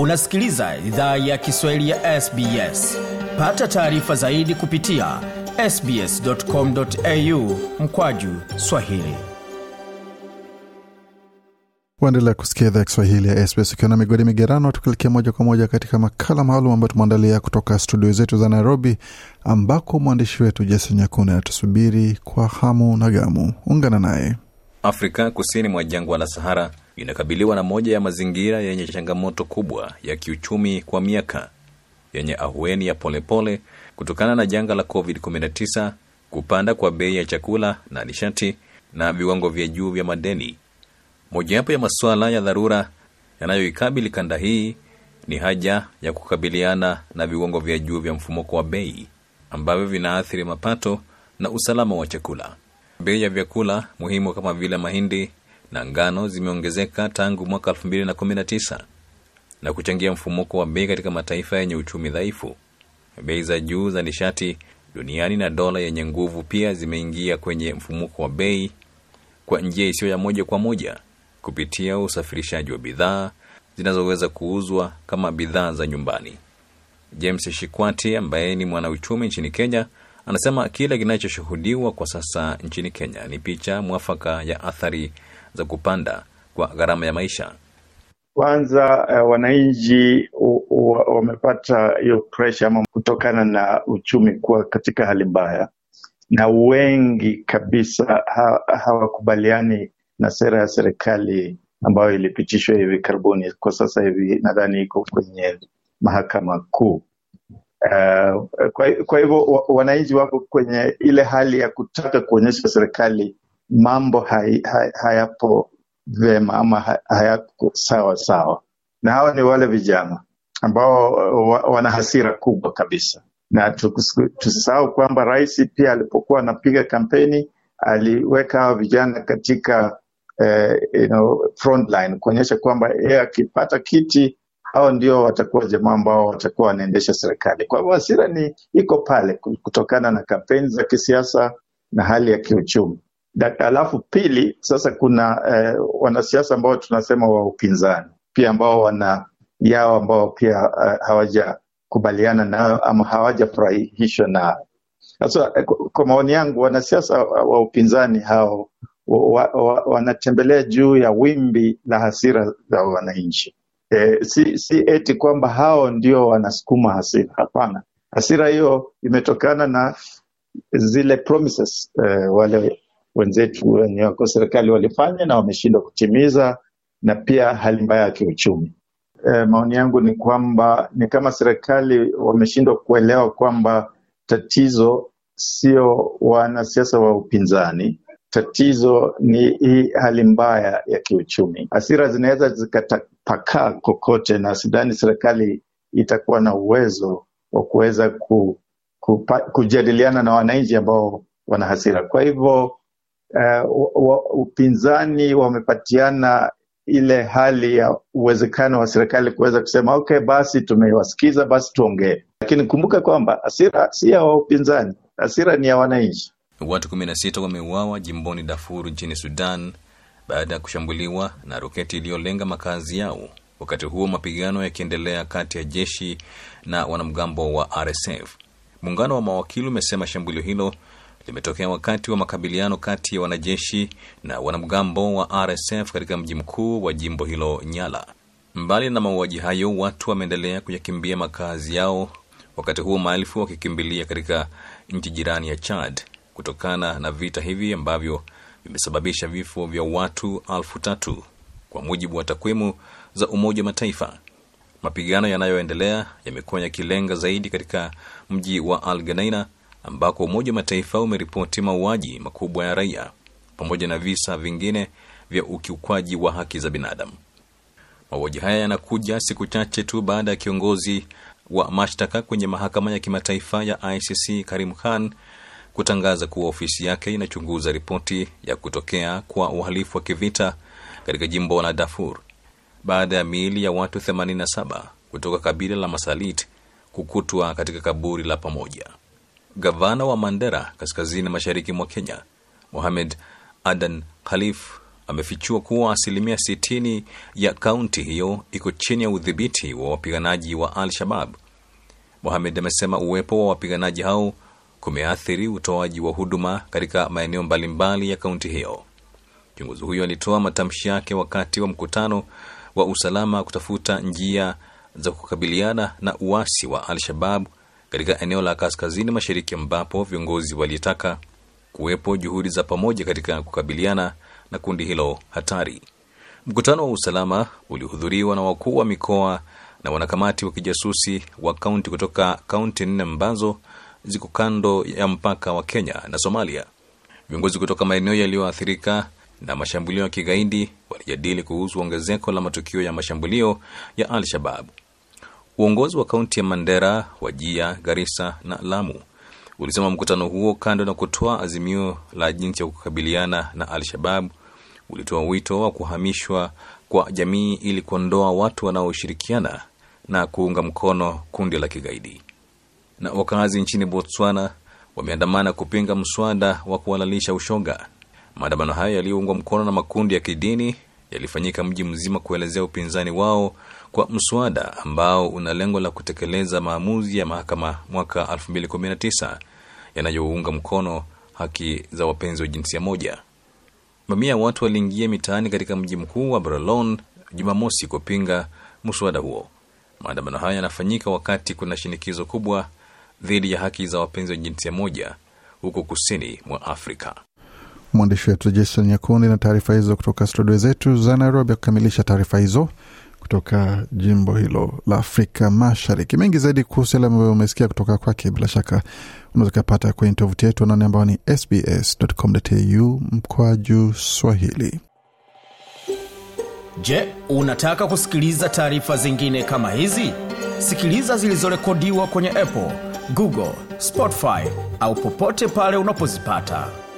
unasikiliza idhaa ya kiswahili ya sbs pata taarifa zaidi kupitia sbscomau mkwaju swahili waendelea kusikia idhaa ya kiswahili ya sbs ukiwa na migodi migerano tukilekea moja kwa moja katika makala maalum ambayo tumeandalia kutoka studio zetu za nairobi ambako mwandishi wetu jason nyakuni anatusubiri kwa hamu na gamu ungana naye afrika kusini mwa jangwa la sahara inakabiliwa na moja ya mazingira yenye changamoto kubwa ya kiuchumi kwa miaka yenye ahueni ya polepole pole, kutokana na janga la COVID-19, kupanda kwa bei ya chakula na nishati na viwango vya juu vya madeni. Mojawapo ya masuala ya dharura yanayoikabili kanda hii ni haja ya kukabiliana na viwango vya juu vya mfumuko wa bei ambavyo vinaathiri mapato na usalama wa chakula. Bei ya vyakula muhimu kama vile mahindi, na ngano zimeongezeka tangu mwaka 219 na, na kuchangia mfumuko wa bei katika mataifa yenye uchumi dhaifu. Bei za juu za nishati duniani na dola yenye nguvu pia zimeingia kwenye mfumuko wa bei kwa njia isiyo ya moja kwa moja kupitia usafirishaji wa bidhaa zinazoweza kuuzwa kama bidhaa za nyumbani. James Shikwati ambaye ni mwanauchumi nchini Kenya anasema kile kinachoshuhudiwa kwa sasa nchini Kenya ni picha mwafaka ya athari za kupanda kwa gharama ya maisha? Kwanza uh, wananchi wamepata hiyo presha kutokana na uchumi kuwa katika hali mbaya, na wengi kabisa hawakubaliani na sera ya serikali ambayo ilipitishwa hivi karibuni. Kwa sasa hivi nadhani iko kwenye mahakama kuu. Uh, kwa, kwa hivyo wananchi wako kwenye ile hali ya kutaka kuonyesha serikali mambo hay, hay, hayapo vema ama hayako sawa sawa, na hawa ni wale vijana ambao uh, wana hasira kubwa kabisa, na tusisahau kwamba rais pia alipokuwa anapiga kampeni aliweka hawa vijana katika eh, you know, front line kuonyesha kwamba yeye akipata kiti hao ndio watakuwa jamaa ambao watakuwa wanaendesha serikali. Kwa hivyo hasira ni iko pale kutokana na kampeni za kisiasa na hali ya kiuchumi. Alafu pili, sasa kuna eh, wanasiasa ambao tunasema wa upinzani pia ambao wana yao ambao pia uh, eh, hawajakubaliana nayo ama hawajafurahishwa nayo. Sasa eh, kwa maoni yangu, wanasiasa wa upinzani hao wanatembelea wa, wa, juu ya wimbi la hasira za wananchi. E, si, si eti kwamba hao ndio wanasukuma hasira. Hapana, hasira hiyo imetokana na zile promises, e, wale wenzetu wenye wako serikali walifanya na wameshindwa kutimiza, na pia hali mbaya ya kiuchumi. E, maoni yangu ni kwamba ni kama serikali wameshindwa kuelewa kwamba tatizo sio wanasiasa wa upinzani, tatizo ni hii hali mbaya ya kiuchumi. Hasira zinaweza zikatapakaa kokote, na sidhani serikali itakuwa na uwezo wa kuweza ku, ku, kujadiliana na wananchi ambao wana hasira. Kwa hivyo uh, upinzani wamepatiana ile hali ya uwezekano wa serikali kuweza kusema okay, basi tumewasikiza, basi tuongee. Lakini kumbuka kwamba hasira si ya upinzani, hasira ni ya wananchi. Watu kumi na sita wameuawa jimboni Darfur nchini Sudan baada ya kushambuliwa na roketi iliyolenga makazi yao, wakati huo mapigano yakiendelea kati ya jeshi na wanamgambo wa RSF. Muungano wa mawakili umesema shambulio hilo limetokea wakati wa makabiliano kati ya wanajeshi na wanamgambo wa RSF katika mji mkuu wa jimbo hilo Nyala. Mbali na mauaji hayo, watu wameendelea kuyakimbia makazi yao, wakati huo maelfu wakikimbilia katika nchi jirani ya Chad kutokana na vita hivi ambavyo vimesababisha vifo vya watu elfu tatu kwa mujibu wa takwimu za Umoja wa Mataifa. Mapigano yanayoendelea yamekuwa yakilenga zaidi katika mji wa Al Geneina ambako Umoja wa Mataifa umeripoti mauaji makubwa ya raia pamoja na visa vingine vya ukiukwaji wa haki za binadamu. Mauaji haya yanakuja siku chache tu baada ya kiongozi wa mashtaka kwenye mahakama ya kimataifa ya ICC Karim Khan kutangaza kuwa ofisi yake inachunguza ripoti ya kutokea kwa uhalifu wa kivita katika jimbo la Darfur baada ya miili ya watu 87 kutoka kabila la Masalit kukutwa katika kaburi la pamoja. Gavana wa Mandera kaskazini mashariki mwa Kenya, Mohamed Adan Khalif amefichua kuwa asilimia 60 ya kaunti hiyo iko chini ya udhibiti wa wapiganaji wa Al-Shabab. Mohamed amesema uwepo wa wapiganaji hao kumeathiri utoaji wa huduma katika maeneo mbalimbali ya kaunti hiyo. Kiongozi huyo alitoa matamshi yake wakati wa mkutano wa usalama kutafuta njia za kukabiliana na uasi wa Al-Shabab katika eneo la kaskazini mashariki ambapo viongozi walitaka kuwepo juhudi za pamoja katika kukabiliana na kundi hilo hatari. Mkutano wa usalama ulihudhuriwa na wakuu wa mikoa na wanakamati wa kijasusi wa kaunti kutoka kaunti nne ambazo ziko kando ya mpaka wa Kenya na Somalia. Viongozi kutoka maeneo yaliyoathirika na mashambulio ya kigaidi walijadili kuhusu ongezeko la matukio ya mashambulio ya Al-Shabab. Uongozi wa kaunti ya Mandera, Wajia, Garissa na Lamu ulisema mkutano huo, kando na kutoa azimio la jinsi ya kukabiliana na Al-Shabab, ulitoa wito wa kuhamishwa kwa jamii ili kuondoa watu wanaoshirikiana na kuunga mkono kundi la kigaidi. Na wakazi nchini Botswana wameandamana kupinga mswada wa kuhalalisha ushoga. Maandamano hayo yaliyoungwa mkono na makundi ya kidini yalifanyika mji mzima kuelezea upinzani wao kwa mswada ambao una lengo la kutekeleza maamuzi ya mahakama mwaka 2019 yanayounga mkono haki za wapenzi wa jinsia moja. Mamia watu waliingia mitaani katika mji mkuu wa Bralon Jumamosi kupinga mswada huo. Maandamano haya yanafanyika wakati kuna shinikizo kubwa dhidi ya haki za wapenzi wa jinsia moja huko kusini mwa Afrika. Mwandishi wetu Jason Nyakundi na taarifa hizo kutoka studio zetu za Nairobi. kukamilisha taarifa hizo kutoka jimbo hilo la Afrika Mashariki. Mengi zaidi kuhusu yale ambayo umesikia kutoka kwake, bila shaka unaweza ukapata kwenye tovuti yetu anaone ambao ni sbs.com.au juu Swahili. Je, unataka kusikiliza taarifa zingine kama hizi? Sikiliza zilizorekodiwa kwenye Apple, Google, Spotify au popote pale unapozipata.